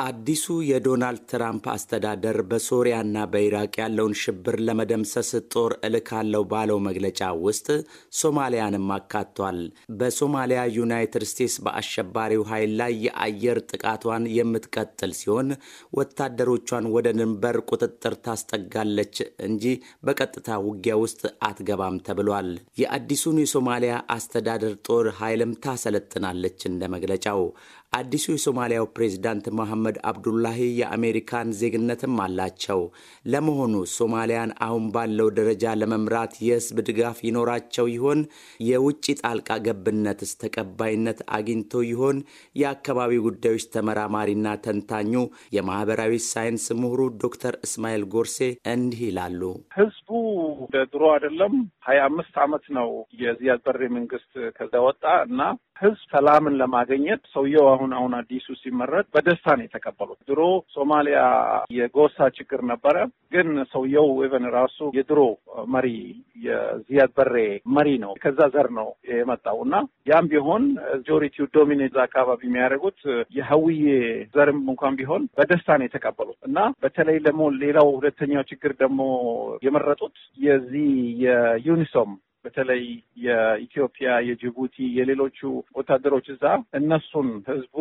አዲሱ የዶናልድ ትራምፕ አስተዳደር በሶሪያና በኢራቅ ያለውን ሽብር ለመደምሰስ ጦር እልካለው ባለው መግለጫ ውስጥ ሶማሊያንም አካቷል። በሶማሊያ ዩናይትድ ስቴትስ በአሸባሪው ኃይል ላይ የአየር ጥቃቷን የምትቀጥል ሲሆን ወታደሮቿን ወደ ድንበር ቁጥጥር ታስጠጋለች እንጂ በቀጥታ ውጊያ ውስጥ አትገባም ተብሏል። የአዲሱን የሶማሊያ አስተዳደር ጦር ኃይልም ታሰለጥናለች እንደ መግለጫው አዲሱ የሶማሊያው ፕሬዝዳንት መሐመድ አብዱላሂ የአሜሪካን ዜግነትም አላቸው። ለመሆኑ ሶማሊያን አሁን ባለው ደረጃ ለመምራት የህዝብ ድጋፍ ይኖራቸው ይሆን? የውጭ ጣልቃ ገብነትስ ተቀባይነት አግኝቶ ይሆን? የአካባቢ ጉዳዮች ተመራማሪና ተንታኙ የማህበራዊ ሳይንስ ምሁሩ ዶክተር እስማኤል ጎርሴ እንዲህ ይላሉ። ህዝቡ እንደ ድሮ አይደለም። ሀያ አምስት ዓመት ነው የዚያድ በሬ መንግስት ከዛ ወጣ እና ህዝብ ሰላምን ለማገኘት ሰውየው አሁን አሁን አዲሱ ሲመረጥ በደስታ ነው የተቀበሉት። ድሮ ሶማሊያ የጎሳ ችግር ነበረ፣ ግን ሰውየው ኢቨን ራሱ የድሮ መሪ የዚያድ በሬ መሪ ነው፣ ከዛ ዘር ነው የመጣው እና ያም ቢሆን ጆሪቲው ዶሚኔት አካባቢ የሚያደርጉት የሀውዬ ዘርም እንኳን ቢሆን በደስታ ነው የተቀበሉት እና በተለይ ደግሞ ሌላው ሁለተኛው ችግር ደግሞ የመረጡት የዚህ የዩኒሶም በተለይ የኢትዮጵያ፣ የጅቡቲ፣ የሌሎቹ ወታደሮች እዛ እነሱን ህዝቡ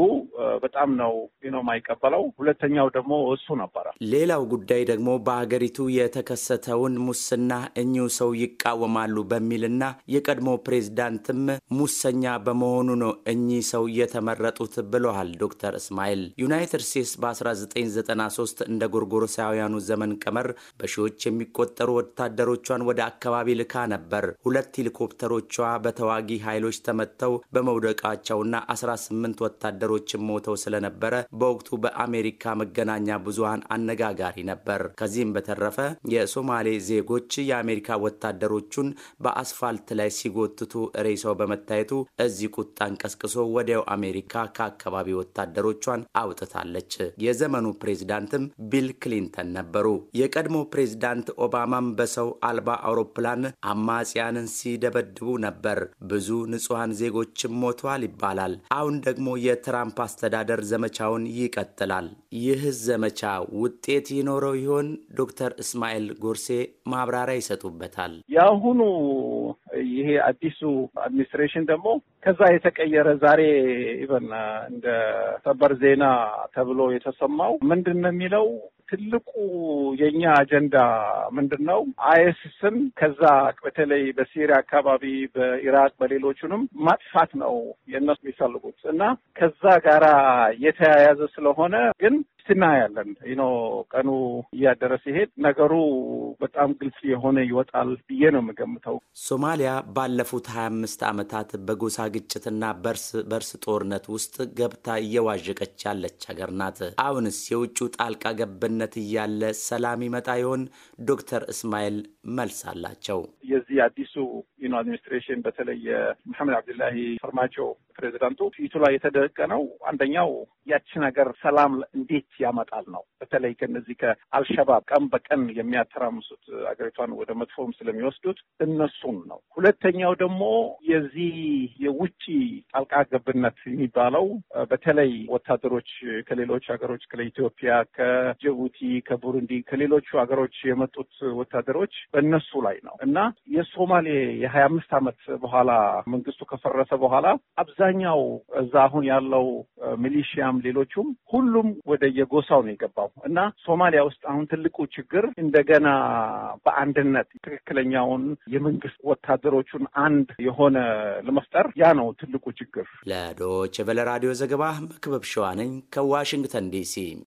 በጣም ነው ነው የማይቀበለው። ሁለተኛው ደግሞ እሱ ነበረ። ሌላው ጉዳይ ደግሞ በሀገሪቱ የተከሰተውን ሙስና እኚሁ ሰው ይቃወማሉ በሚልና የቀድሞ ፕሬዝዳንትም ሙሰኛ በመሆኑ ነው እኚህ ሰው የተመረጡት ብለዋል ዶክተር እስማኤል። ዩናይትድ ስቴትስ በ1993 እንደ ጎርጎሮሳውያኑ ዘመን ቀመር በሺዎች የሚቆጠሩ ወታደሮቿን ወደ አካባቢ ልካ ነበር። ሁለት ሄሊኮፕተሮቿ በተዋጊ ኃይሎች ተመተው በመውደቃቸውና 18 ወታደሮችን ሞተው ስለነበረ በወቅቱ በአሜሪካ መገናኛ ብዙሃን አነጋጋሪ ነበር። ከዚህም በተረፈ የሶማሌ ዜጎች የአሜሪካ ወታደሮቹን በአስፋልት ላይ ሲጎትቱ ሬሳው በመታየቱ እዚህ ቁጣን ቀስቅሶ ወዲያው አሜሪካ ከአካባቢ ወታደሮቿን አውጥታለች። የዘመኑ ፕሬዝዳንትም ቢል ክሊንተን ነበሩ። የቀድሞ ፕሬዝዳንት ኦባማም በሰው አልባ አውሮፕላን አማጽያን ንጹሐንን ሲደበድቡ ነበር። ብዙ ንጹሐን ዜጎችም ሞተዋል ይባላል። አሁን ደግሞ የትራምፕ አስተዳደር ዘመቻውን ይቀጥላል። ይህ ዘመቻ ውጤት ይኖረው ይሆን? ዶክተር እስማኤል ጎርሴ ማብራሪያ ይሰጡበታል። የአሁኑ ይሄ አዲሱ አድሚኒስትሬሽን ደግሞ ከዛ የተቀየረ ዛሬ ኢቨን እንደ ሰበር ዜና ተብሎ የተሰማው ምንድን ነው የሚለው ትልቁ የኛ አጀንዳ ምንድን ነው? አይስስን ከዛ በተለይ በሲሪያ አካባቢ፣ በኢራቅ በሌሎቹንም ማጥፋት ነው የእነሱ የሚፈልጉት እና ከዛ ጋራ የተያያዘ ስለሆነ ግን ያለን ኖ ቀኑ እያደረ ሲሄድ ነገሩ በጣም ግልጽ የሆነ ይወጣል ብዬ ነው የምገምተው። ሶማሊያ ባለፉት ሀያ አምስት ዓመታት በጎሳ ግጭትና በርስ በርስ ጦርነት ውስጥ ገብታ እየዋዠቀች ያለች ሀገር ናት። አሁንስ የውጭው ጣልቃ ገብነት እያለ ሰላም ይመጣ ይሆን? ዶክተር እስማኤል መልስ አላቸው። የዚህ አዲሱ አድሚኒስትሬሽን በተለይ መሐመድ አብዱላሂ ፈርማቸው ፕሬዚዳንቱ ፊቱ ላይ የተደቀነው አንደኛው ያችን ሀገር ሰላም እንዴት ያመጣል ነው። በተለይ ከነዚህ ከአልሸባብ ቀን በቀን የሚያተራምሱት ሀገሪቷን ወደ መጥፎም ስለሚወስዱት እነሱን ነው። ሁለተኛው ደግሞ የዚህ የውጭ ጣልቃ ገብነት የሚባለው በተለይ ወታደሮች ከሌሎች ሀገሮች ከኢትዮጵያ፣ ከጅቡቲ፣ ከቡሩንዲ፣ ከሌሎቹ ሀገሮች የመጡት ወታደሮች በእነሱ ላይ ነው እና የሶማሌ የሀያ አምስት ዓመት በኋላ መንግስቱ ከፈረሰ በኋላ አብዛ አብዛኛው እዛ አሁን ያለው ሚሊሺያም ሌሎቹም ሁሉም ወደ የጎሳው ነው የገባው እና ሶማሊያ ውስጥ አሁን ትልቁ ችግር እንደገና በአንድነት ትክክለኛውን የመንግስት ወታደሮቹን አንድ የሆነ ለመፍጠር ያ ነው ትልቁ ችግር። ለዶች በለ ራዲዮ ዘገባ መክበብ ሸዋነኝ ከዋሽንግተን ዲሲ